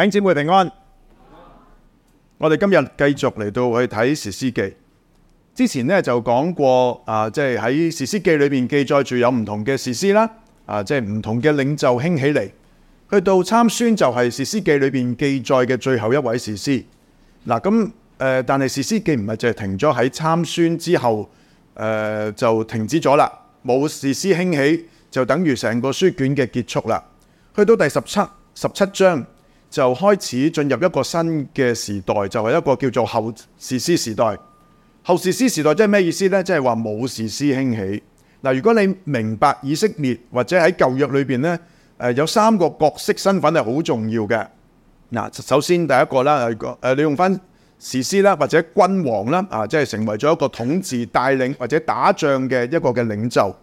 頂姐妹平安，嗯、我哋今日繼續嚟到去睇《士師記》。之前呢，就講過，啊，即係喺《士師記》裏邊記載住有唔同嘅士師啦，啊，即係唔同嘅領袖興起嚟。去到參孫就係《士師記》裏邊記載嘅最後一位士師嗱。咁、啊、誒、呃，但係《士師記》唔係淨係停咗喺參孫之後誒、呃，就停止咗啦，冇士師興起就等於成個書卷嘅結束啦。去到第十七十七章。就開始進入一個新嘅時代，就係、是、一個叫做後士師時代。後士師時代即係咩意思呢？即係話冇士師興起。嗱，如果你明白以色列或者喺舊約裏邊呢，有三個角色身份係好重要嘅。嗱，首先第一個啦，誒你、呃、用翻士師啦，或者君王啦，啊即係、就是、成為咗一個統治、帶領或者打仗嘅一個嘅領袖。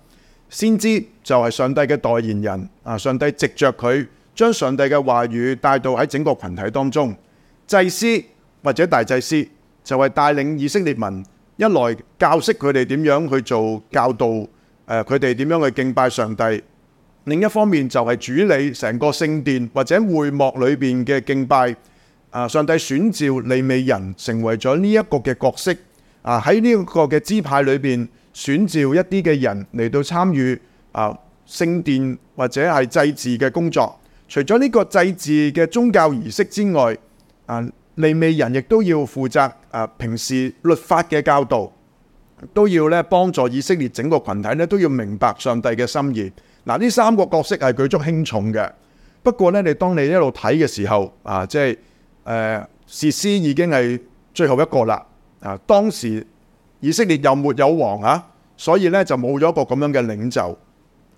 先知就係上帝嘅代言人，啊上帝藉著佢。將上帝嘅話語帶到喺整個群體當中，祭司或者大祭司就係帶領以色列民，一來教識佢哋點樣去做教導，呃，佢哋點樣去敬拜上帝。另一方面就係主理成個聖殿或者會幕裏邊嘅敬拜、呃。上帝選召利未人成為咗呢一個嘅角色。啊、呃，喺呢一個嘅支派裏邊選召一啲嘅人嚟到參與啊聖殿或者係祭祀嘅工作。除咗呢個祭祀嘅宗教儀式之外，啊利未人亦都要負責啊平時律法嘅教導，都要咧幫助以色列整個群體咧都要明白上帝嘅心意。嗱、啊，呢三個角色係舉足輕重嘅。不過咧，你當你一路睇嘅時候，啊即係誒、啊、士師已經係最後一個啦。啊當時以色列又沒有王啊，所以咧就冇咗一個咁樣嘅領袖。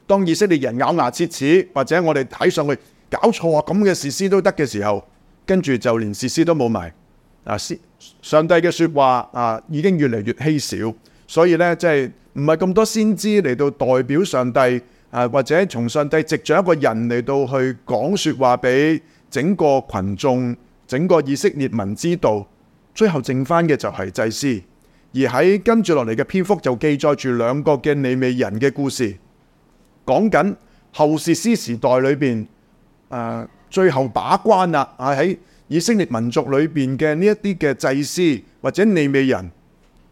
當以色列人咬牙切齒，或者我哋睇上去，搞錯啊！咁嘅士師都得嘅時候，跟住就連士師都冇埋啊！上帝嘅説話啊，已經越嚟越稀少，所以呢，即係唔係咁多先知嚟到代表上帝啊，或者從上帝藉著一個人嚟到去講説話俾整個群眾、整個以色列民知道。最後剩返嘅就係祭司，而喺跟住落嚟嘅篇幅就記載住兩個嘅利未人嘅故事，講緊後士師時代裏邊。誒、啊，最後把關啦！啊，喺以色列民族裏邊嘅呢一啲嘅祭司或者利未人，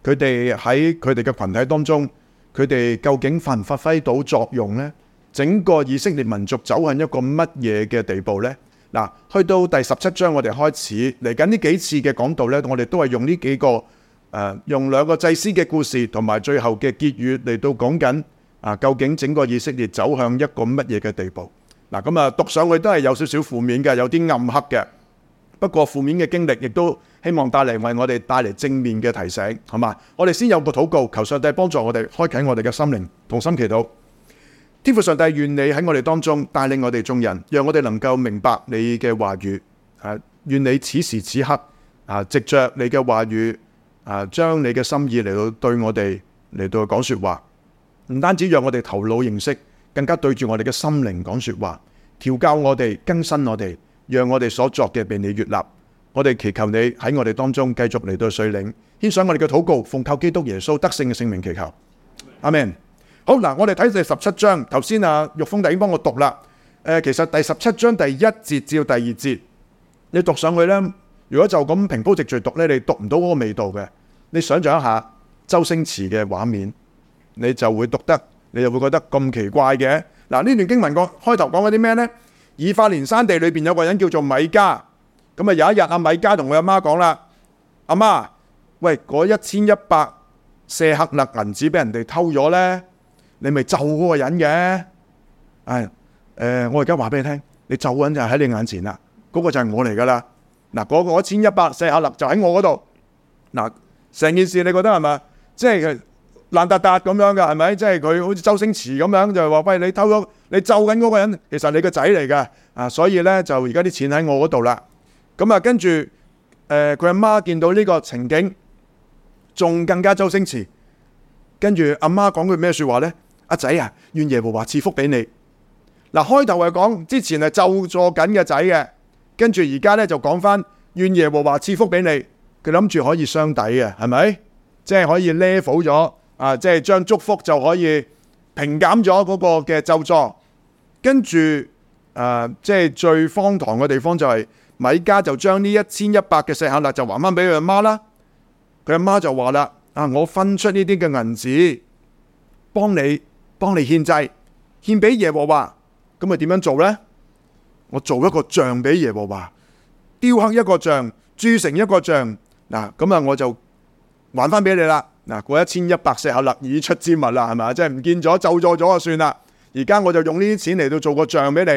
佢哋喺佢哋嘅群體當中，佢哋究竟有有發唔發揮到作用呢？整個以色列民族走向一個乜嘢嘅地步呢？嗱、啊，去到第十七章，我哋開始嚟緊呢幾次嘅講道呢，我哋都係用呢幾個誒、啊，用兩個祭司嘅故事，同埋最後嘅結語嚟到講緊啊，究竟整個以色列走向一個乜嘢嘅地步？嗱，咁啊，讀上去都係有少少負面嘅，有啲暗黑嘅。不過負面嘅經歷亦都希望帶嚟，為我哋帶嚟正面嘅提醒，係嘛？我哋先有個禱告，求上帝幫助我哋開啟我哋嘅心靈，同心祈禱。天父上帝，願你喺我哋當中帶領我哋眾人，讓我哋能夠明白你嘅話語。啊，願你此時此刻啊，藉着你嘅話語啊，將你嘅心意嚟到對我哋嚟到講說話，唔單止讓我哋頭腦認識。更加對住我哋嘅心靈講說話，調教我哋，更新我哋，讓我哋所作嘅被你悅納。我哋祈求你喺我哋當中繼續嚟到水嶺，獻上我哋嘅禱告，奉靠基督耶穌得勝嘅聖名祈求。阿們 Amen 好嗱，我哋睇第十七章。頭先啊，玉峰弟兄已經幫我讀啦。誒、呃，其實第十七章第一節至到第二節，你讀上去呢？如果就咁平鋪直敘讀呢，你讀唔到嗰個味道嘅。你想象一下周星馳嘅畫面，你就會讀得。你就會覺得咁奇怪嘅。嗱，呢段經文個開頭講緊啲咩呢？以法蓮山地裏邊有個人叫做米加，咁啊有一日阿米加同佢阿媽講啦：阿媽，喂，嗰一千一百舍克勒銀紙俾人哋偷咗呢，你咪咒嗰個人嘅。係，誒，我而家話俾你聽，你咒嗰個人就喺你眼前啦，嗰個就係我嚟噶啦。嗱，嗰個一千一百舍克勒就喺我嗰度。嗱，成件事你覺得係咪？即係。爛達達咁樣嘅係咪？即係佢好似周星馳咁樣，就話喂，你偷咗你咒緊嗰個人，其實你個仔嚟嘅啊！所以咧，就而家啲錢喺我嗰度啦。咁啊，跟住誒佢阿媽見到呢個情景，仲更加周星馳。跟住阿媽講句咩說話咧？阿仔啊，願、啊、耶和華賜福俾你。嗱、啊，開頭係講之前係咒咗緊嘅仔嘅，跟住而家咧就講翻願耶和華賜福俾你。佢諗住可以相抵嘅，係咪？即係可以 level 咗。啊！即係將祝福就可以平減咗嗰個嘅咒詛，跟住誒、啊，即係最荒唐嘅地方就係、是、米迦就將呢一千一百嘅舍客勒就還翻俾佢阿媽啦。佢阿媽就話啦：，啊，我分出呢啲嘅銀紙，幫你幫你獻祭獻俾耶和華，咁咪點樣做呢？我做一個像俾耶和華，雕刻一個像，鑄成一個像，嗱，咁啊，我就還翻俾你啦。嗱，嗰一千一百石克勒已出之物啦，係咪啊？即係唔見咗，就座咗啊，算啦。而家我就用呢啲錢嚟到做個像俾你。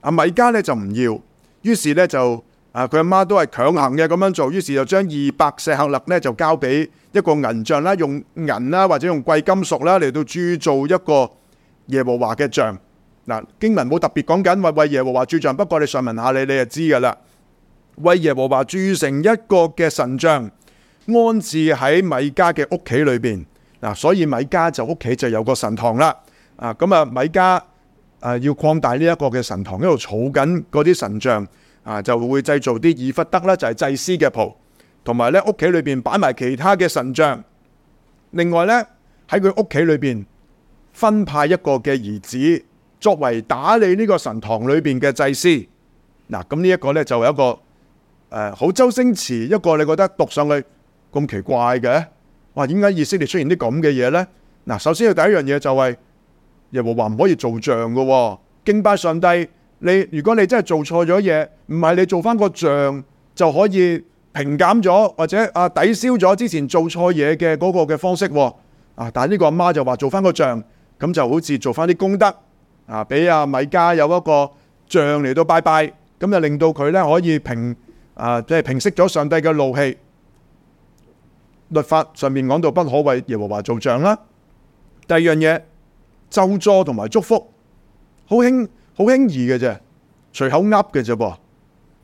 阿、啊、米迦咧就唔要，於是咧就啊佢阿媽都係強行嘅咁樣做，於是就將二百石克勒咧就交俾一個銀像啦，用銀啦或者用貴金屬啦嚟到鑄造一個耶和華嘅像。嗱、啊，經文冇特別講緊為為耶和華鑄像，不過你上問下你，你就知噶啦，為耶和華鑄成一個嘅神像。安置喺米迦嘅屋企裏邊嗱，所以米迦就屋企就有個神堂啦。啊，咁啊米迦啊要擴大呢一個嘅神堂，一度儲緊嗰啲神像啊，就會製造啲以弗得，啦，就係、是、祭司嘅袍，同埋咧屋企裏邊擺埋其他嘅神像。另外咧喺佢屋企裏邊分派一個嘅兒子作為打理呢個神堂裏邊嘅祭司。嗱、啊，咁呢一個咧就係一個誒好周星馳一個你覺得讀上去，咁奇怪嘅，哇！點解以色列出現啲咁嘅嘢呢？嗱，首先要第一樣嘢就係、是，耶和華唔可以做像嘅喎，敬拜上帝。你如果你真係做錯咗嘢，唔係你做翻個像，就可以平減咗，或者啊抵消咗之前做錯嘢嘅嗰個嘅方式喎。啊，但係呢個阿媽，媽就話做翻個像，咁就好似做翻啲功德啊，俾阿、啊、米迦有一個像嚟到拜拜，咁就令到佢咧可以平啊，即、就、係、是、平息咗上帝嘅怒氣。律法上面講到不可為耶和華做像啦。第二樣嘢咒詛同埋祝福，好輕好輕易嘅啫，隨口噏嘅啫噃。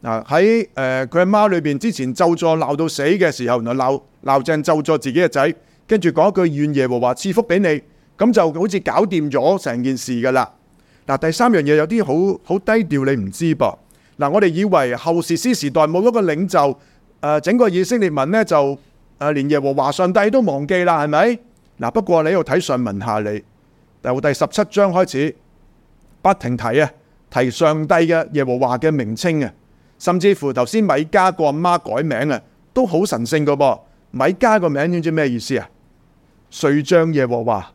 嗱，喺誒佢阿媽裏邊之前咒詛鬧到死嘅時候，原來鬧鬧正咒詛自己嘅仔，跟住講一句願耶和華賜福俾你，咁就好似搞掂咗成件事噶啦。嗱、啊、第三樣嘢有啲好好低調，你唔知噃。嗱、啊、我哋以為後士師時代冇一個領袖，誒、啊、整個以色列民呢就。啊！連耶和華上帝都忘記啦，係咪？嗱，不過你要睇上文下理，由第十七章開始不停提啊，提上帝嘅耶和華嘅名稱啊，甚至乎頭先米加個阿媽改名啊，都好神聖噶噃。米加個名你知唔知咩意思啊？誰像耶和華，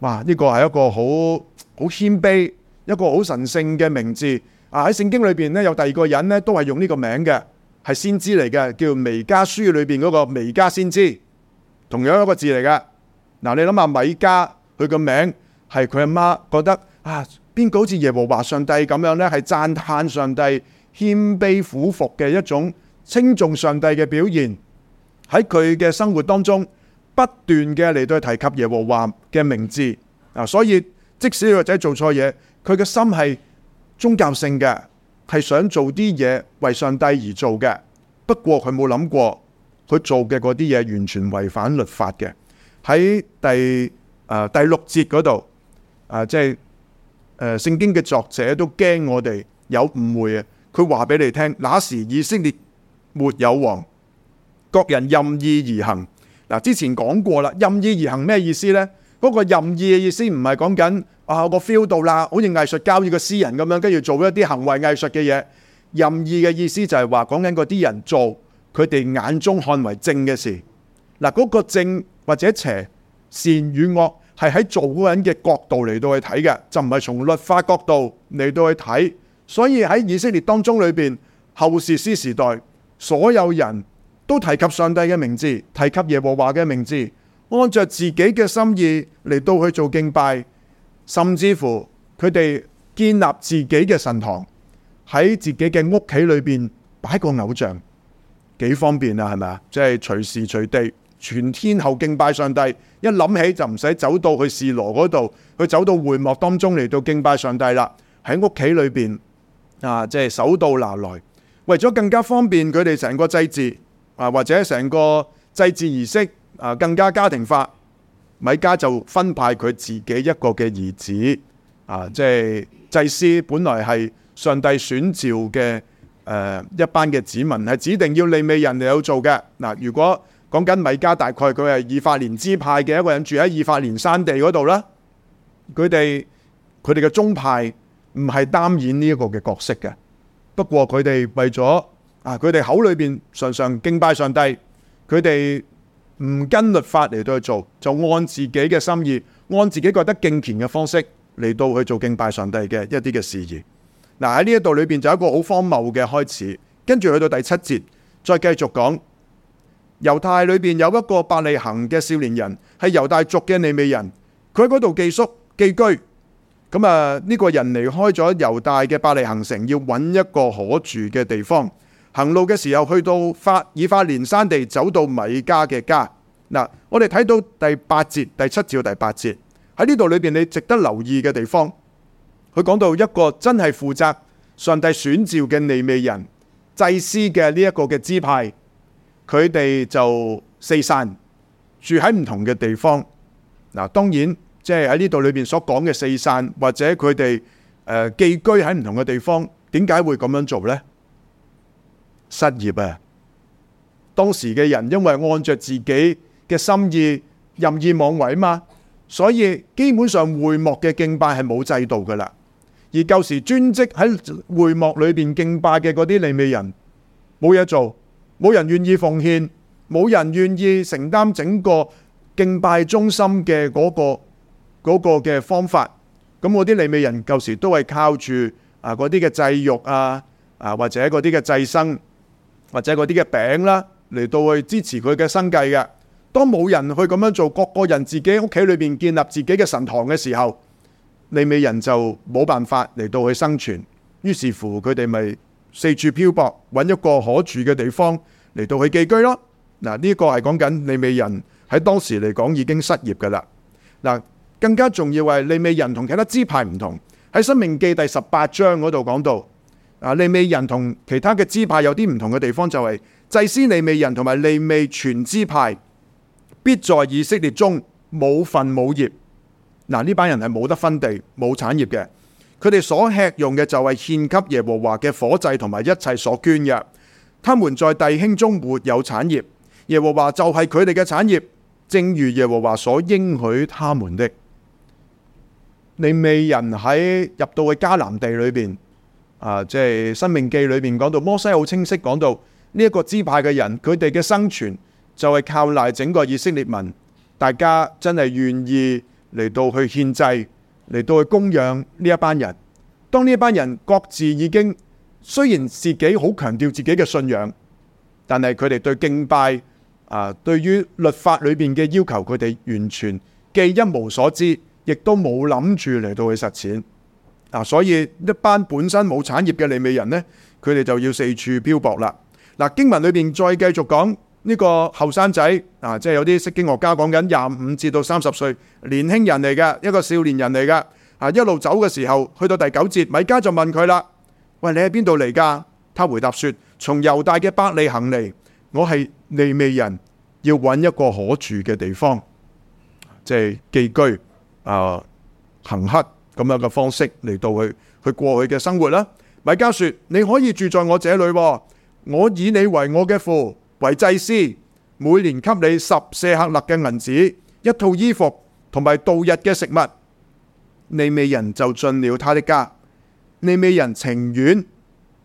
哇！呢個係一個好好謙卑、一個好神聖嘅名字。啊！喺聖經裏面咧，有第二個人咧都係用呢個名嘅。係先知嚟嘅，叫《彌迦書》裏邊嗰個彌迦先知，同樣一個字嚟嘅。嗱，你諗下米迦，佢個名係佢阿媽覺得啊，邊個好似耶和華上帝咁樣呢？係讚嘆上帝謙卑俯伏嘅一種稱頌上帝嘅表現。喺佢嘅生活當中，不斷嘅嚟到提及耶和華嘅名字。嗱，所以即使個仔做錯嘢，佢嘅心係宗教性嘅。係想做啲嘢為上帝而做嘅，不過佢冇諗過佢做嘅嗰啲嘢完全違反律法嘅。喺第啊、呃、第六節嗰度啊，即係聖經嘅作者都驚我哋有誤會啊！佢話俾你聽，那時以色列沒有王，各人任意而行。嗱，之前講過啦，任意而行咩意思呢？嗰個任意嘅意思唔係講緊啊個 feel 到啦，好似藝術交易個詩人咁樣，跟住做一啲行為藝術嘅嘢。任意嘅意思就係話講緊嗰啲人做佢哋眼中看為正嘅事。嗱，嗰個正或者邪、善與惡係喺做嗰個人嘅角度嚟到去睇嘅，就唔係從律法角度嚟到去睇。所以喺以色列當中裏邊，後士師時代所有人都提及上帝嘅名字，提及耶和華嘅名字。按着自己嘅心意嚟到去做敬拜，甚至乎佢哋建立自己嘅神堂喺自己嘅屋企裏邊擺個偶像，幾方便啊？係咪啊？即係隨時隨地、全天候敬拜上帝。一諗起就唔使走到去士羅嗰度，去走到會幕當中嚟到敬拜上帝啦。喺屋企裏邊啊，即係手到拿來。為咗更加方便佢哋成個祭祀啊，或者成個祭祀儀式。啊，更加家庭化，米加就分派佢自己一個嘅兒子，啊，即係祭司，本來係上帝選召嘅，誒、啊、一班嘅子民係指定要利未人嚟做嘅。嗱、啊，如果講緊米加，大概佢係以法蓮支派嘅一個人，住喺以法蓮山地嗰度啦。佢哋佢哋嘅宗派唔係擔演呢一個嘅角色嘅，不過佢哋為咗啊，佢哋口裏邊常常敬拜上帝，佢哋。唔跟律法嚟到去做，就按自己嘅心意，按自己覺得敬虔嘅方式嚟到去做敬拜上帝嘅一啲嘅事宜。嗱，喺呢一度裏邊就一個好荒謬嘅開始，跟住去到第七節，再繼續講，猶太裏邊有一個伯利恆嘅少年人，係猶大族嘅利未人，佢喺嗰度寄宿寄居。咁啊呢個人離開咗猶大嘅伯利恆城，要揾一個可住嘅地方。行路嘅時候，去到法以法蓮山地，走到米迦嘅家。嗱，我哋睇到第八節、第七至第八節喺呢度裏邊，你值得留意嘅地方，佢講到一個真係負責上帝選召嘅利未人祭司嘅呢一個嘅支派，佢哋就四散住喺唔同嘅地方。嗱，當然即係喺呢度裏邊所講嘅四散或者佢哋、呃、寄居喺唔同嘅地方，點解會咁樣做呢？失業啊！當時嘅人因為按着自己嘅心意任意妄為嘛，所以基本上會幕嘅敬拜係冇制度噶啦。而舊時專職喺會幕裏邊敬拜嘅嗰啲利未人，冇嘢做，冇人願意奉獻，冇人願意承擔整個敬拜中心嘅嗰、嗰個嘅、嗰個、方法。咁我啲利未人舊時都係靠住啊嗰啲嘅祭肉啊啊，或者嗰啲嘅祭牲。或者嗰啲嘅餅啦，嚟到去支持佢嘅生計嘅。當冇人去咁樣做，各個人自己屋企裏邊建立自己嘅神堂嘅時候，利未人就冇辦法嚟到去生存。於是乎佢哋咪四處漂泊，揾一個可住嘅地方嚟到去寄居咯。嗱，呢個係講緊利未人喺當時嚟講已經失業嘅啦。嗱，更加重要係利未人同其他支派唔同，喺《申命記》第十八章嗰度講到。啊！利未人同其他嘅支派有啲唔同嘅地方就係祭司利未人、同埋利未全支派必在以色列中冇份冇業。嗱，呢班人係冇得分地冇產業嘅，佢哋所吃用嘅就係獻給耶和華嘅火祭同埋一切所捐嘅。他們在弟兄中沒有產業，耶和華就係佢哋嘅產業，正如耶和華所應許他們的。利未人喺入到去迦南地裏邊。啊！即係《申命記》裏面講到，摩西好清晰講到呢一個支派嘅人，佢哋嘅生存就係靠賴整個以色列民，大家真係願意嚟到去獻祭，嚟到去供養呢一班人。當呢一班人各自已經雖然自己好強調自己嘅信仰，但係佢哋對敬拜啊，對於律法裏面嘅要求，佢哋完全既一無所知，亦都冇諗住嚟到去實踐。嗱、啊，所以一班本身冇產業嘅利未人呢，佢哋就要四處漂泊啦。嗱、啊，經文裏邊再繼續講呢，這個後生仔，啊，即係有啲釋經學家講緊廿五至到三十歲年輕人嚟嘅一個少年人嚟嘅，啊，一路走嘅時候，去到第九節，米迦就問佢啦：喂，你喺邊度嚟㗎？他回答說：從猶大嘅伯利行嚟，我係利未人，要揾一個可住嘅地方，即、就、係、是、寄居，啊、呃，行乞。咁樣嘅方式嚟到去去過去嘅生活啦。米家說：你可以住在我這裏，我以你為我嘅父，為祭司，每年給你十四克勒嘅銀紙，一套衣服，同埋度日嘅食物。利未人就進了他的家。利未人情願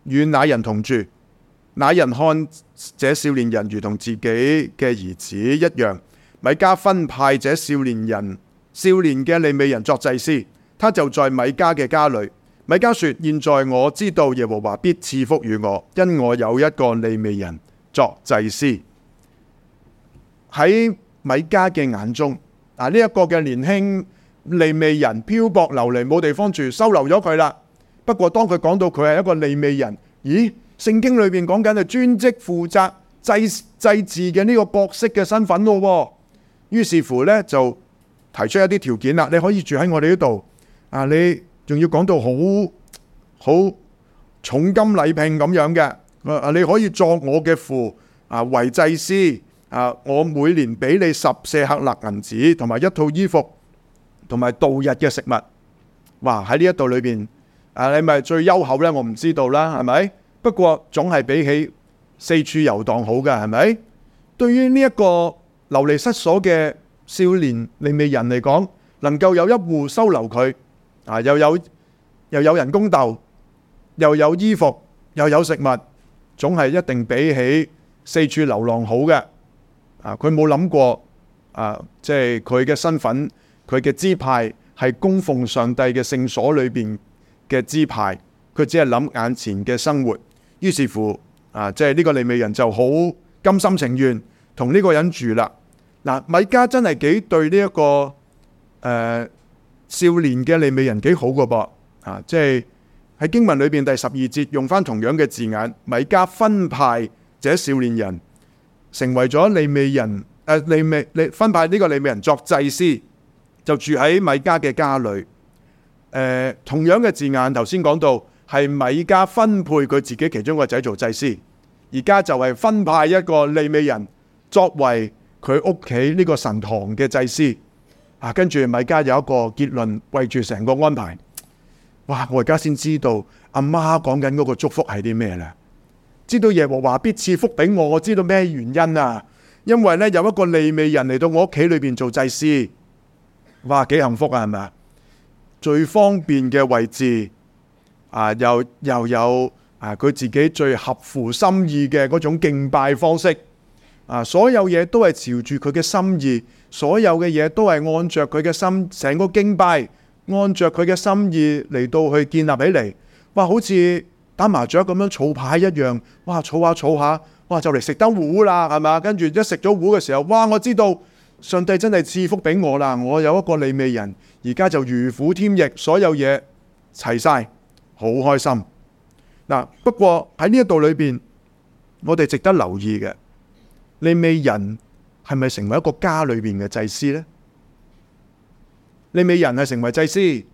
與那人同住，那人看這少年人如同自己嘅兒子一樣。米家分派這少年人，少年嘅利未人作祭司。他就在米加嘅家裏。米加說：現在我知道耶和華必賜福與我，因我有一個利未人作祭司。喺米加嘅眼中，嗱呢一個嘅年輕利未人漂泊流離，冇地方住，收留咗佢啦。不過當佢講到佢係一個利未人，咦？聖經裏邊講緊係專職負責祭祭祀嘅呢個角色嘅身份咯。於是乎呢，就提出一啲條件啦，你可以住喺我哋呢度。啊！你仲要講到好好重金禮聘咁樣嘅，啊你可以作我嘅父啊，為祭司啊，我每年俾你十四克勒銀紙，同埋一套衣服，同埋度日嘅食物。哇！喺呢一度裏邊啊，你咪最優厚咧，我唔知道啦，係咪？不過總係比起四處遊蕩好㗎，係咪？對於呢一個流離失所嘅少年利未人嚟講，能夠有一戶收留佢。啊！又有又有人工豆，又有衣服，又有食物，總係一定比起四處流浪好嘅。啊！佢冇諗過啊，即係佢嘅身份，佢嘅支派係供奉上帝嘅聖所裏邊嘅支派，佢只係諗眼前嘅生活。於是乎啊，即係呢個利未人就好甘心情願同呢個人住啦。嗱、啊，米迦真係幾對呢、這、一個誒？呃少年嘅利未人幾好個噃啊！即係喺經文裏邊第十二節用翻同樣嘅字眼，米迦分派這少年人成為咗利未人，誒利未、利，未利分派呢個利未人作祭司，就住喺米迦嘅家裏。誒、啊、同樣嘅字眼，頭先講到係米迦分配佢自己其中個仔做祭司，而家就係分派一個利未人作為佢屋企呢個神堂嘅祭司。啊、跟住米家有一個結論，為住成個安排，哇！我而家先知道阿媽講緊嗰個祝福係啲咩啦。知道耶和華必賜福俾我，我知道咩原因啊？因為咧有一個利未人嚟到我屋企裏邊做祭司，哇！幾幸福啊，係咪啊？最方便嘅位置，啊，又又有啊，佢自己最合乎心意嘅嗰種敬拜方式，啊，所有嘢都係朝住佢嘅心意。所有嘅嘢都係按着佢嘅心，成個敬拜按着佢嘅心意嚟到去建立起嚟。哇！好似打麻雀咁樣草牌一樣，哇！草下草下，哇！就嚟食得糊啦，係嘛？跟住一食咗糊嘅時候，哇！我知道上帝真係賜福俾我啦，我有一個利未人，而家就如虎添翼，所有嘢齊晒，好開心。嗱，不過喺呢一度裏邊，我哋值得留意嘅利未人。係咪成為一個家裏邊嘅祭司呢？利未人係成為祭司，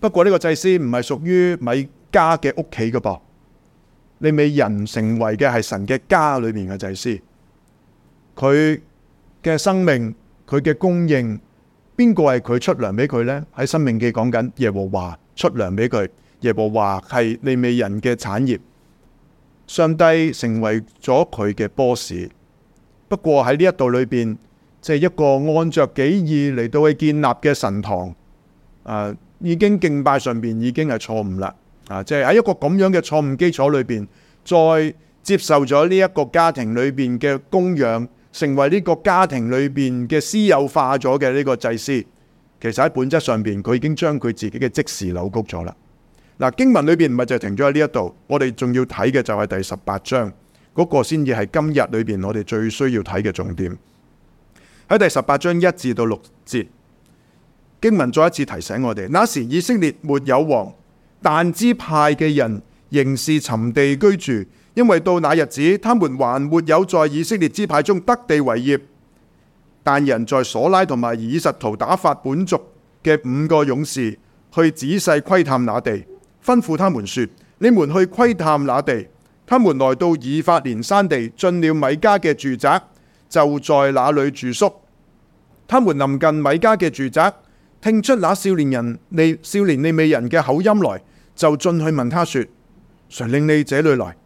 不過呢個祭司唔係屬於米家嘅屋企噶噃。利未人成為嘅係神嘅家裏面嘅祭司，佢嘅生命，佢嘅供應，邊個係佢出糧俾佢呢？喺《生命記》講緊耶和華出糧俾佢，耶和華係利未人嘅產業，上帝成為咗佢嘅 boss。不過喺呢一度裏邊，即係一個按着己意嚟到去建立嘅神堂，誒、啊，已經敬拜上邊已經係錯誤啦，啊，即係喺一個咁樣嘅錯誤基礎裏邊，再接受咗呢一個家庭裏邊嘅供養，成為呢個家庭裏邊嘅私有化咗嘅呢個祭司，其實喺本質上邊，佢已經將佢自己嘅即時扭曲咗啦。嗱、啊，經文裏邊唔係就停咗喺呢一度，我哋仲要睇嘅就係第十八章。嗰個先至係今日裏邊我哋最需要睇嘅重點。喺第十八章一至到六節，經文再一次提醒我哋：那時以色列沒有王，但支派嘅人仍是尋地居住，因為到那日子，他們還沒有在以色列支派中得地為業。但人在瑣拉同埋以實陶打發本族嘅五個勇士去仔細窺探那地，吩咐他們說：你們去窺探那地。他們來到以法蓮山地，進了米迦嘅住宅，就在那裏住宿。他們臨近米迦嘅住宅，聽出那少年人、你少年利未人嘅口音來，就進去問他說：誰令你這裏來？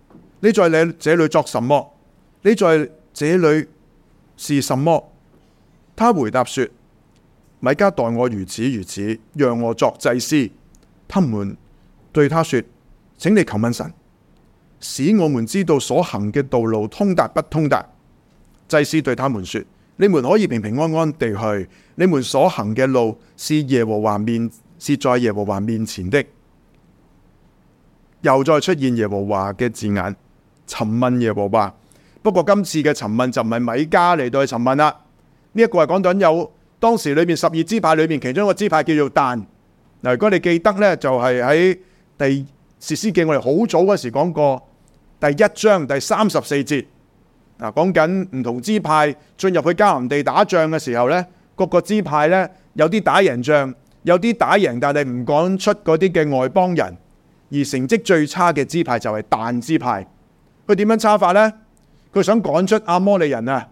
你在你這裏作什麼？你在這裏是什麼？他回答說：米迦待我如此如此，讓我作祭司。他們對他說：請你求問神。使我們知道所行嘅道路通達不通達。祭司對他們說：你們可以平平安安地去。你們所行嘅路是耶和華面，是在耶和華面前的。又再出現耶和華嘅字眼，尋問耶和華。不過今次嘅尋問就唔係米加嚟到去尋問啦。呢、這、一個係講到有當時裏面十二支派裏面其中一個支派叫做但。如果你記得呢，就係喺第。士師記我哋好早嗰時講過，第一章第三十四節，講緊唔同支派進入去迦南地打仗嘅時候呢，各個支派呢，有啲打贏仗，有啲打贏但係唔趕出嗰啲嘅外邦人，而成績最差嘅支派就係但支派，佢點樣差法呢？佢想趕出阿摩利人啊，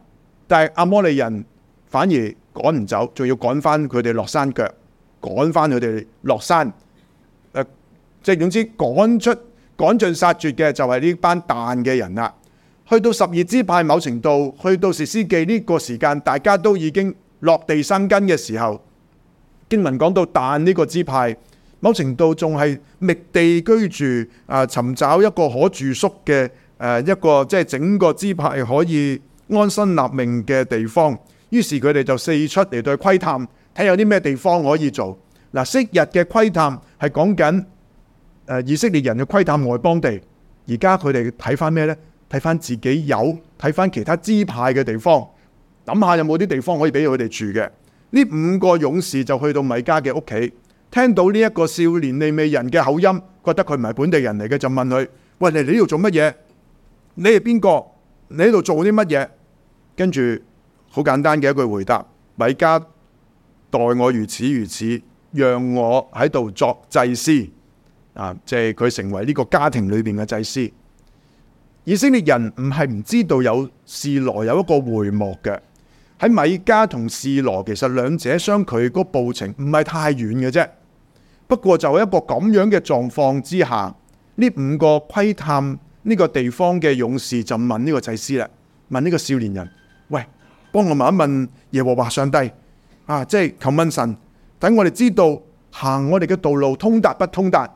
但係阿摩利人反而趕唔走，仲要趕返佢哋落山腳，趕返佢哋落山。即係總之趕出、趕盡殺絕嘅就係呢班但嘅人啦。去到十二支派某程度，去到士師記呢個時間，大家都已經落地生根嘅時候，經文講到但呢個支派某程度仲係覓地居住啊，尋找一個可住宿嘅誒、啊、一個即係、就是、整個支派可以安身立命嘅地方。於是佢哋就四出嚟對窺探，睇有啲咩地方可以做嗱、啊。昔日嘅窺探係講緊。誒以色列人嘅窺探外邦地，而家佢哋睇翻咩呢？睇翻自己有，睇翻其他支派嘅地方，諗下有冇啲地方可以俾佢哋住嘅。呢五個勇士就去到米加嘅屋企，聽到呢一個少年利未人嘅口音，覺得佢唔係本地人嚟嘅，就問佢：喂，你嚟呢度做乜嘢？你係邊個？你喺度做啲乜嘢？跟住好簡單嘅一句回答：米加待我如此如此，讓我喺度作祭司。啊！即係佢成為呢個家庭裏邊嘅祭司。以色列人唔係唔知道有示羅有一個會幕嘅。喺米迦同示羅，其實兩者相距個步程唔係太遠嘅啫。不過就一個咁樣嘅狀況之下，呢五個窺探呢個地方嘅勇士就問呢個祭司啦，問呢個少年人：喂，幫我問一問耶和華上帝啊！即係求問神，等我哋知道行我哋嘅道路通達不通達。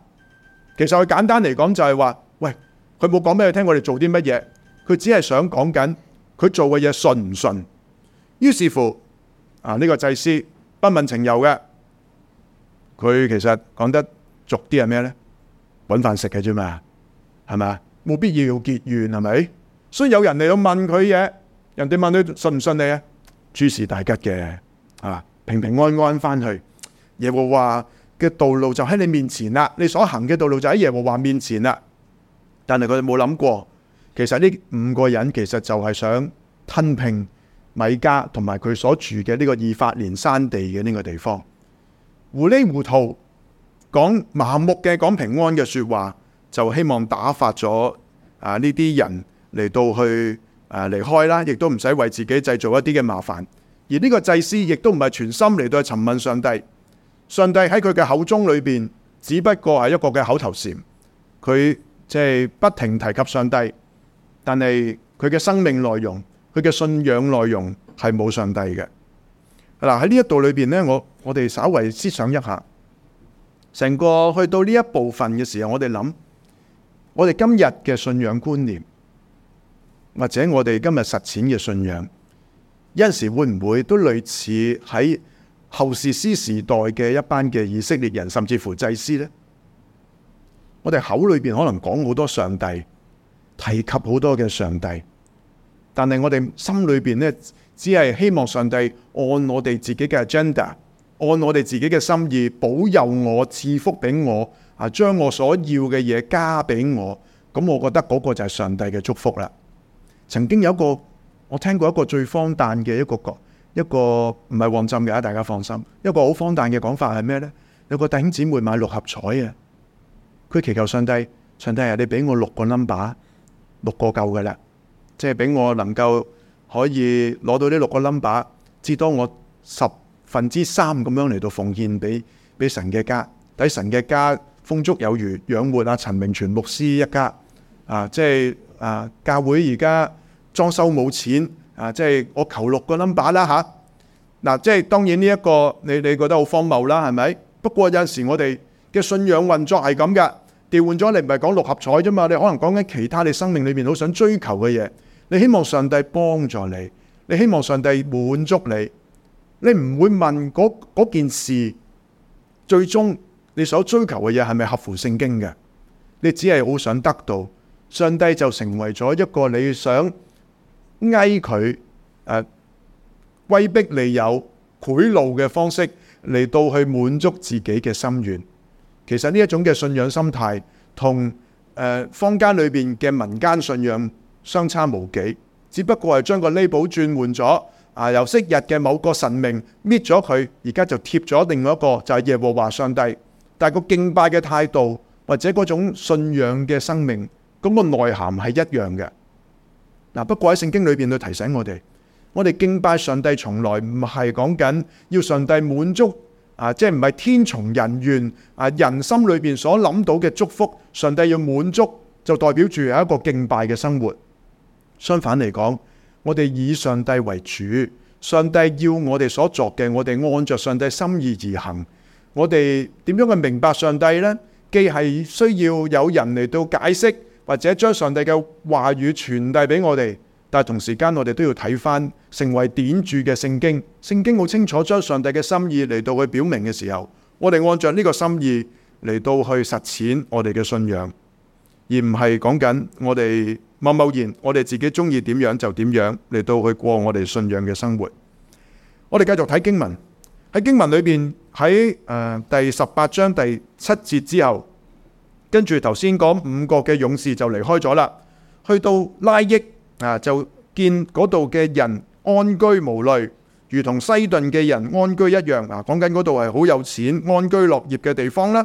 其實佢簡單嚟講就係話，喂，佢冇講俾佢聽我哋做啲乜嘢，佢只係想講緊佢做嘅嘢信唔信。於是乎，啊，呢個祭司不問情由嘅，佢其實講得俗啲係咩咧？搵飯食嘅啫嘛，係咪啊？冇必要要結怨，係咪？所以有人嚟到問佢嘢，人哋問佢信唔信你啊？諸事大吉嘅，啊，平平安安翻去。耶和華。嘅道路就喺你面前啦，你所行嘅道路就喺耶和華面前啦。但係佢哋冇諗過，其實呢五個人其實就係想吞併米加同埋佢所住嘅呢個以法蓮山地嘅呢個地方。糊裏糊塗講麻木嘅講平安嘅說話，就希望打發咗啊呢啲人嚟到去啊離開啦，亦都唔使為自己製造一啲嘅麻煩。而呢個祭司亦都唔係全心嚟到去詢問上帝。上帝喺佢嘅口中裏邊，只不過係一個嘅口頭禪。佢即係不停提及上帝，但係佢嘅生命內容、佢嘅信仰內容係冇上帝嘅。嗱，喺呢一度裏邊呢，我我哋稍微思想一下，成個去到呢一部分嘅時候，我哋諗，我哋今日嘅信仰觀念，或者我哋今日實踐嘅信仰，有陣時會唔會都類似喺後士師時代嘅一班嘅以色列人，甚至乎祭司呢，我哋口裏邊可能講好多上帝，提及好多嘅上帝，但係我哋心裏邊呢，只係希望上帝按我哋自己嘅 agenda，按我哋自己嘅心意，保佑我，賜福俾我，啊，將我所要嘅嘢加俾我，咁我覺得嗰個就係上帝嘅祝福啦。曾經有一個，我聽過一個最荒誕嘅一個角。一個唔係旺浸嘅，大家放心。一個好荒誕嘅講法係咩咧？有個弟兄姊妹買六合彩啊，佢祈求上帝，上帝啊，你俾我六個 number，六個夠嘅啦，即係俾我能夠可以攞到呢六個 number，至多我十分之三咁樣嚟到奉獻俾俾神嘅家，使神嘅家豐足有餘，養活阿陳明泉牧師一家啊，即係啊教會而家裝修冇錢。啊！即係我求六個 number 啦吓，嗱、啊，即係當然呢、這、一個你你覺得好荒謬啦，係咪？不過有陣時我哋嘅信仰運作係咁嘅，調換咗你唔係講六合彩啫嘛，你可能講緊其他你生命裏面好想追求嘅嘢，你希望上帝幫助你，你希望上帝滿足你，你唔會問嗰件事最終你所追求嘅嘢係咪合乎聖經嘅？你只係好想得到，上帝就成為咗一個你想。威佢誒，威逼利誘賄賂嘅方式嚟到去滿足自己嘅心願，其實呢一種嘅信仰心態同誒、啊、坊間裏邊嘅民間信仰相差無幾，只不過係將個 label 轉換咗啊，由昔日嘅某個神明搣咗佢，而家就貼咗另外一個就係、是、耶和華上帝，但係個敬拜嘅態度或者嗰種信仰嘅生命，咁、那個內涵係一樣嘅。嗱，不過喺聖經裏面佢提醒我哋，我哋敬拜上帝，從來唔係講緊要上帝滿足啊，即係唔係天從人願啊，人心裏面所諗到嘅祝福，上帝要滿足，就代表住有一個敬拜嘅生活。相反嚟講，我哋以上帝為主，上帝要我哋所作嘅，我哋按着上帝心意而行。我哋點樣去明白上帝呢？既係需要有人嚟到解釋。或者將上帝嘅話語傳遞俾我哋，但係同時間我哋都要睇返成為典著嘅聖經。聖經好清楚將上帝嘅心意嚟到去表明嘅時候，我哋按照呢個心意嚟到去實踐我哋嘅信仰，而唔係講緊我哋貿貿然，我哋自己中意點樣就點樣嚟到去過我哋信仰嘅生活。我哋繼續睇經文，喺經文裏邊喺誒第十八章第七節之後。跟住頭先講五個嘅勇士就離開咗啦，去到拉益啊，就見嗰度嘅人安居無慮，如同西頓嘅人安居一樣。嗱、啊，講緊嗰度係好有錢、安居樂業嘅地方啦。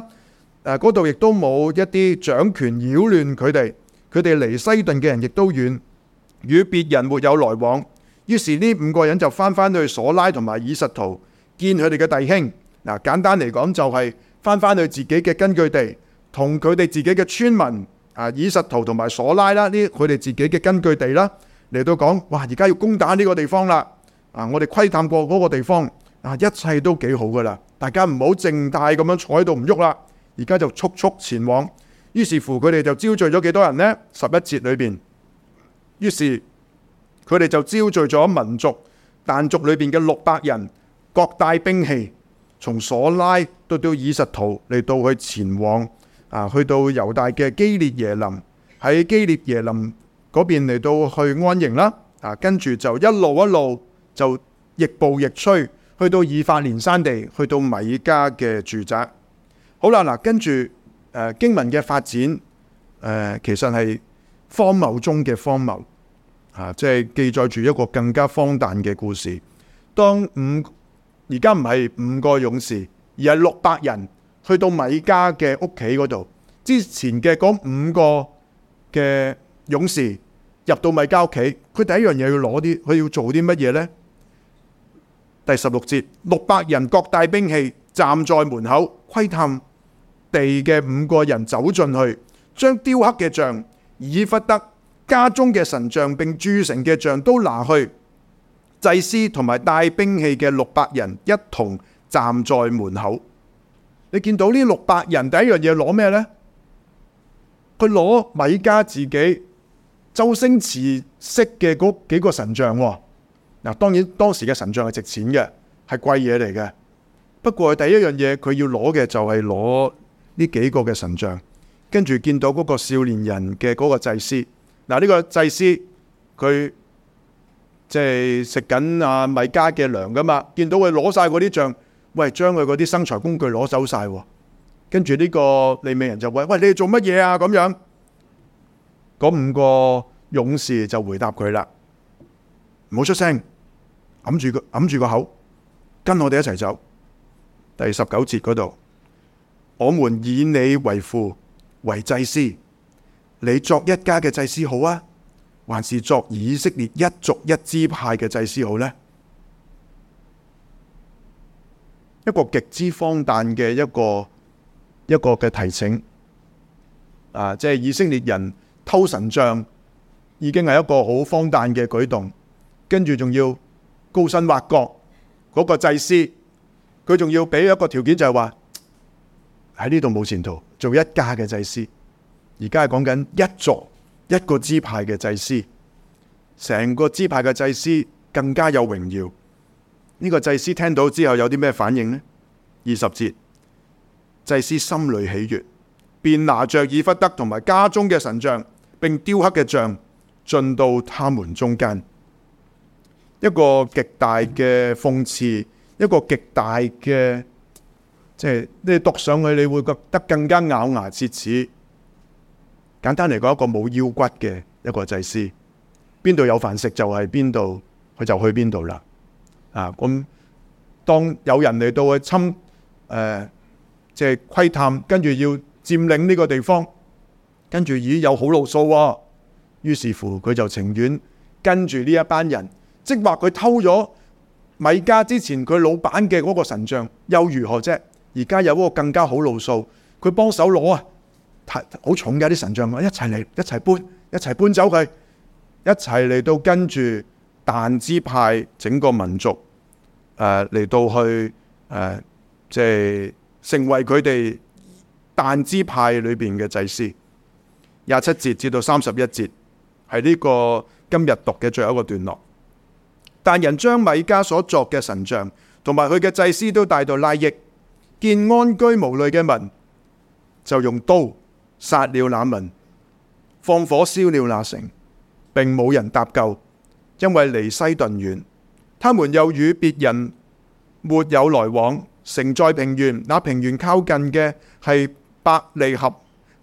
嗰度亦都冇一啲掌權擾亂佢哋，佢哋離西頓嘅人亦都遠，與別人沒有來往。於是呢五個人就翻返去索拉同埋以實陶見佢哋嘅弟兄。嗱、啊，簡單嚟講就係翻返去自己嘅根據地。同佢哋自己嘅村民啊，以實陶同埋瑣拉啦，呢佢哋自己嘅根據地啦，嚟到講，哇！而家要攻打呢個地方啦，啊！我哋窺探過嗰個地方，啊，一切都幾好噶啦，大家唔好靜態咁樣坐喺度唔喐啦，而家就速速前往。於是乎佢哋就招聚咗幾多人呢？十一節裏邊，於是佢哋就招聚咗民族但族裏邊嘅六百人，各帶兵器，從瑣拉到到以實陶嚟到去前往。啊，去到猶大嘅基列耶林，喺基列耶林嗰邊嚟到去安營啦。啊，跟住就一路一路就亦步亦趨，去到以法蓮山地，去到米加嘅住宅。好啦，嗱，跟住誒經文嘅發展，誒、啊、其實係荒謬中嘅荒謬，啊，即係記載住一個更加荒誕嘅故事。當五而家唔係五個勇士，而係六百人。去到米迦嘅屋企嗰度，之前嘅嗰五個嘅勇士入到米迦屋企，佢第一樣嘢要攞啲，佢要做啲乜嘢咧？第十六節，六百人各帶兵器站在門口窺探地嘅五個人走進去，將雕刻嘅像以弗得家中嘅神像並鑄成嘅像都拿去祭司同埋帶兵器嘅六百人一同站在門口。你見到呢六百人第一樣嘢攞咩呢？佢攞米迦自己周星馳識嘅嗰幾個神像，哦。嗱，當然當時嘅神像係值錢嘅，係貴嘢嚟嘅。不過第一樣嘢佢要攞嘅就係攞呢幾個嘅神像。跟住見到嗰個少年人嘅嗰個祭司。嗱，呢個祭司佢即係食緊阿米迦嘅糧噶嘛？見到佢攞晒嗰啲像。喂，將佢嗰啲生財工具攞走晒，跟住呢個利未人就問，喂，你哋做乜嘢啊？咁樣，嗰五個勇士就回答佢啦：唔好出聲，揞住個揞住個口，跟我哋一齊走。第十九節嗰度，我們以你為父為祭司，你作一家嘅祭司好啊，還是作以色列一族一支派嘅祭司好呢？」一個極之荒誕嘅一個一個嘅提醒，啊！即係以色列人偷神像，已經係一個好荒誕嘅舉動，跟住仲要高薪挖角嗰個祭司，佢仲要俾一個條件就係話喺呢度冇前途，做一家嘅祭司。而家係講緊一座一個支派嘅祭司，成個支派嘅祭司更加有榮耀。呢個祭司聽到之後有啲咩反應呢？二十節，祭司心裏喜悅，便拿着以弗得同埋家中嘅神像，並雕刻嘅像，進到他們中間。一個極大嘅諷刺，一個極大嘅，即係你讀上去你會覺得更加咬牙切齒。簡單嚟講，一個冇腰骨嘅一個祭司，邊度有飯食就係邊度，佢就去邊度啦。啊，咁當有人嚟到去侵，誒即係窺探，跟住要佔領呢個地方，跟住咦，有好路數喎。於是乎佢就情願跟住呢一班人，即或佢偷咗米迦之前佢老闆嘅嗰個神像，又如何啫？而家有嗰個更加好路數，佢幫手攞啊，好重㗎啲神像，一齊嚟，一齊搬，一齊搬走佢，一齊嚟到跟住但支派整個民族。誒，嚟、啊、到去誒，即、啊、係、就是、成為佢哋但支派裏邊嘅祭司，廿七節至到三十一節，係呢個今日讀嘅最後一個段落。但人將米加所作嘅神像，同埋佢嘅祭司都帶到拉益，見安居無慮嘅民，就用刀殺了那民，放火燒了那城，並冇人搭救，因為離西頓遠。他們又與別人沒有來往，城在平原，那平原靠近嘅係伯利合，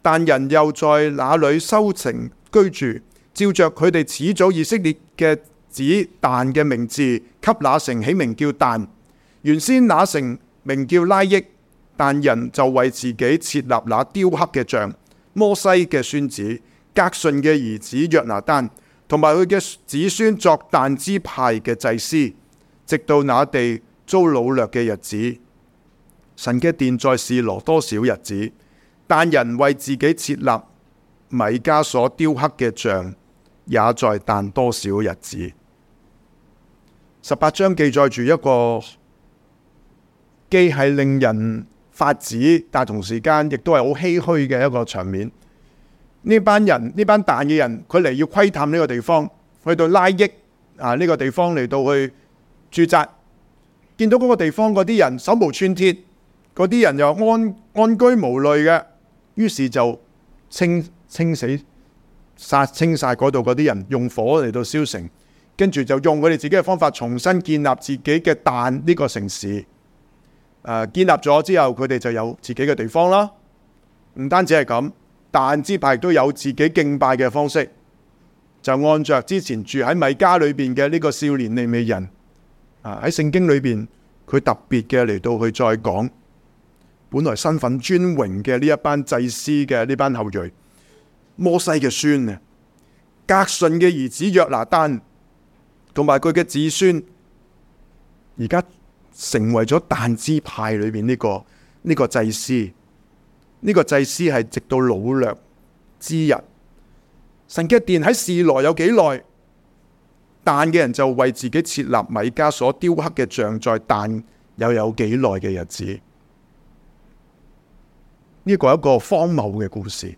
但人又在那裏修城居住，照着佢哋始祖以色列嘅子但嘅名字，給那城起名叫但。原先那城名叫拉益，但人就為自己設立那雕刻嘅像，摩西嘅孫子，革順嘅兒子約拿單。同埋佢嘅子孫作但支派嘅祭司，直到那地遭擄掠嘅日子，神嘅殿在示羅多少日子，但人為自己設立米迦所雕刻嘅像，也在但多少日子。十八章記載住一個既係令人發指，但同時間亦都係好唏噓嘅一個場面。呢班人，呢班但嘅人，佢嚟要窺探呢個地方，去到拉億，啊呢、呢個地方嚟到去駐紮，見到嗰個地方嗰啲人手無寸鐵，嗰啲人又安安居無慮嘅，於是就清清洗、殺清曬嗰度嗰啲人，用火嚟到燒城，跟住就用佢哋自己嘅方法重新建立自己嘅但呢個城市。啊、建立咗之後，佢哋就有自己嘅地方啦。唔單止係咁。但支派都有自己敬拜嘅方式，就按着之前住喺米迦裏邊嘅呢個少年利未人，啊喺聖經裏邊佢特別嘅嚟到去再講，本來身份尊榮嘅呢一班祭司嘅呢班後裔，摩西嘅孫啊，革順嘅兒子約拿單，同埋佢嘅子孫，而家成為咗但支派裏邊呢、這個呢、這個祭司。呢個祭司係直到老略之日，神嘅殿喺示羅有幾耐？但嘅人就為自己設立米迦所雕刻嘅像在，在但又有幾耐嘅日子？呢、這個係一個荒謬嘅故事，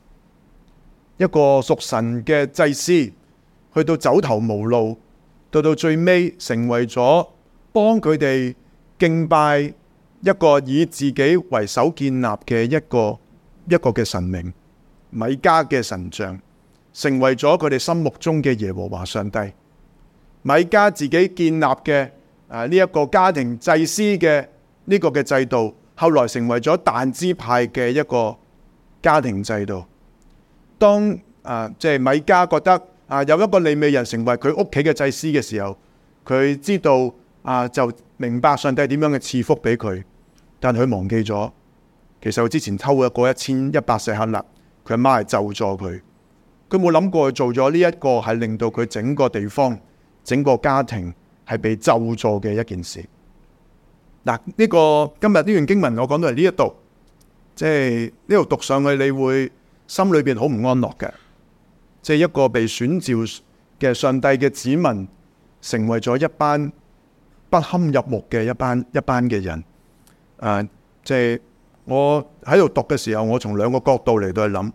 一個屬神嘅祭司，去到走投無路，到到最尾成為咗幫佢哋敬拜一個以自己為首建立嘅一個。一個嘅神明，米迦嘅神像，成為咗佢哋心目中嘅耶和華上帝。米迦自己建立嘅啊呢一、這個家庭祭司嘅呢、這個嘅制度，後來成為咗但支派嘅一個家庭制度。當啊即係、就是、米迦覺得啊有一個利未人成為佢屋企嘅祭司嘅時候，佢知道啊就明白上帝係點樣嘅賜福俾佢，但佢忘記咗。其實我之前偷嘅嗰一千一百舍客勒，佢阿媽係咒詛佢，佢冇諗過去做咗呢一個係令到佢整個地方、整個家庭係被咒詛嘅一件事。嗱、這個，呢個今日呢段經文我講到係呢一度，即係呢度讀上去你會心裏邊好唔安樂嘅，即係一個被選召嘅上帝嘅子民，成為咗一班不堪入目嘅一班一班嘅人，誒、啊，即係。我喺度讀嘅時候，我從兩個角度嚟到去諗。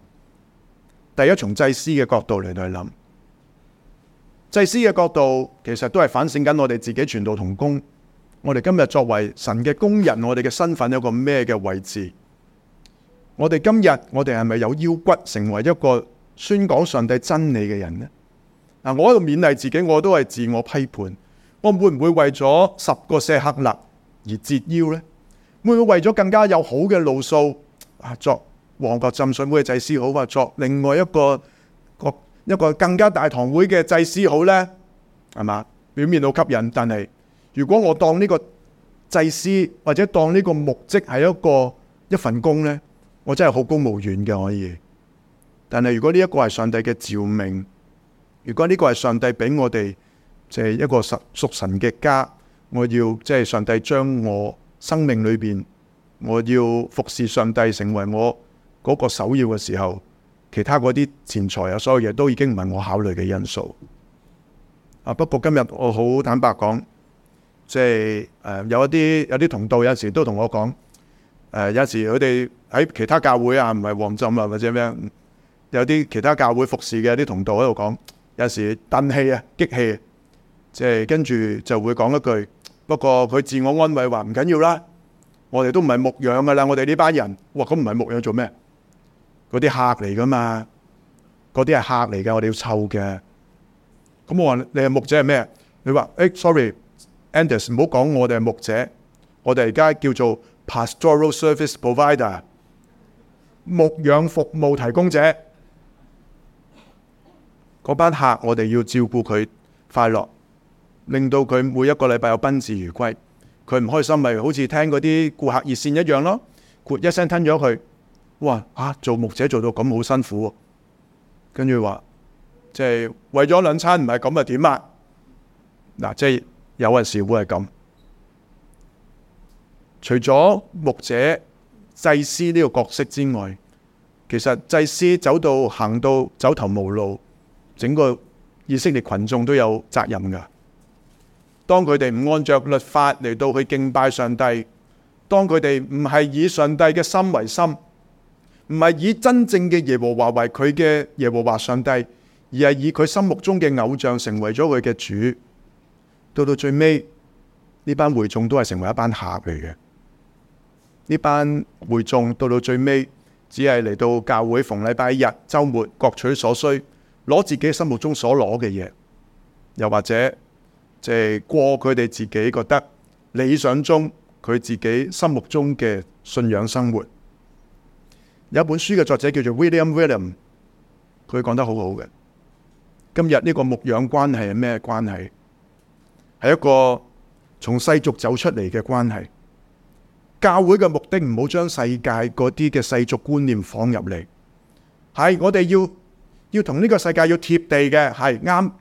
第一，從祭司嘅角度嚟到去諗，祭司嘅角度其實都係反省緊我哋自己傳道同工。我哋今日作為神嘅工人，我哋嘅身份有個咩嘅位置？我哋今日我哋係咪有腰骨成為一個宣講上帝真理嘅人呢？嗱，我喺度勉勵自己，我都係自我批判。我會唔會為咗十個舍客勒而折腰呢？會唔會為咗更加有好嘅路數，啊，作旺角浸信會嘅祭司好，或作另外一個一個，一個更加大堂會嘅祭司好呢？係嘛？表面好吸引，但係如果我當呢個祭司或者當呢個牧職係一個一份工呢，我真係好公務員嘅可以。但係如果呢一個係上帝嘅召命，如果呢個係上帝俾我哋即係一個屬屬神嘅家，我要即係上帝將我。生命裏邊，我要服侍上帝成為我嗰個首要嘅時候，其他嗰啲錢財啊，所有嘢都已經唔係我考慮嘅因素。啊，不過今日我好坦白講，即係誒有一啲有啲同道有時都同我講，誒有時佢哋喺其他教會啊，唔係旺浸啊或者咩，有啲其他教會服侍嘅有啲同道喺度講，有時憤氣啊激氣，即係跟住就會講一句。不過佢自我安慰話唔緊要啦，我哋都唔係牧養噶啦，我哋呢班人，哇咁唔係牧養做咩？嗰啲客嚟噶嘛，嗰啲係客嚟嘅，我哋要湊嘅。咁我話你係牧者係咩？你話誒、哎、sorry，Andrew，e 唔好講我哋係牧者，我哋而家叫做 Pastoral Service Provider，牧養服務提供者。嗰班客我哋要照顧佢快樂。令到佢每一個禮拜有賓至如歸，佢唔開心咪好似聽嗰啲顧客熱線一樣咯，括一聲吞咗佢。哇！啊、做牧者做到咁好辛苦、啊，跟住話即係為咗兩餐唔係咁啊點啊？嗱、啊，即、就、係、是、有陣時會係咁。除咗牧者祭司呢個角色之外，其實祭司走到行到走投無路，整個以色列群眾都有責任噶。當佢哋唔按照律法嚟到去敬拜上帝，當佢哋唔係以上帝嘅心為心，唔係以真正嘅耶和華為佢嘅耶和華上帝，而係以佢心目中嘅偶像成為咗佢嘅主，到到最尾呢班會眾都係成為一班客嚟嘅。呢班會眾到到最尾，只係嚟到教會逢禮拜日，周末各取所需，攞自己心目中所攞嘅嘢，又或者。就係過佢哋自己覺得理想中佢自己心目中嘅信仰生活。有一本書嘅作者叫做 William William 佢講得好好嘅。今日呢個牧養關係係咩關係？係一個從世俗走出嚟嘅關係。教會嘅目的唔好將世界嗰啲嘅世俗觀念放入嚟。係我哋要要同呢個世界要貼地嘅，係啱。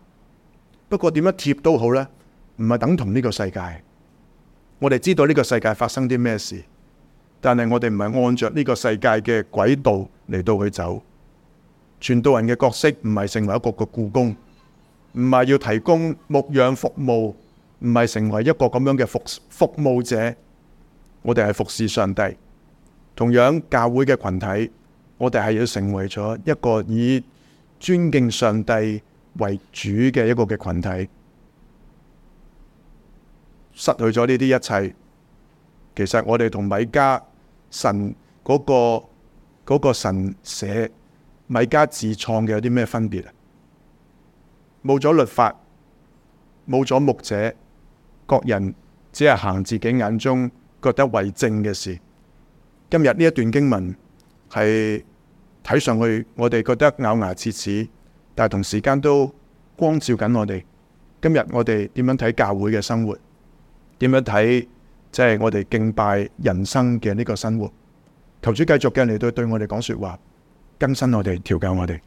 不過點樣貼都好呢，唔係等同呢個世界。我哋知道呢個世界發生啲咩事，但係我哋唔係按着呢個世界嘅軌道嚟到去走。傳道人嘅角色唔係成為一個個僱工，唔係要提供牧養服務，唔係成為一個咁樣嘅服服務者。我哋係服侍上帝。同樣教會嘅群體，我哋係要成為咗一個以尊敬上帝。為主嘅一個嘅群體，失去咗呢啲一切，其實我哋同米迦神嗰、嗰個、嗰個神社米迦自創嘅有啲咩分別啊？冇咗律法，冇咗牧者，各人只係行自己眼中覺得為正嘅事。今日呢一段經文係睇上去，我哋覺得咬牙切齒。但同時間都光照緊我哋，今日我哋點樣睇教會嘅生活？點樣睇即係我哋敬拜人生嘅呢個生活？求主繼續嘅嚟到對對我哋講說話，更新我哋，調教我哋。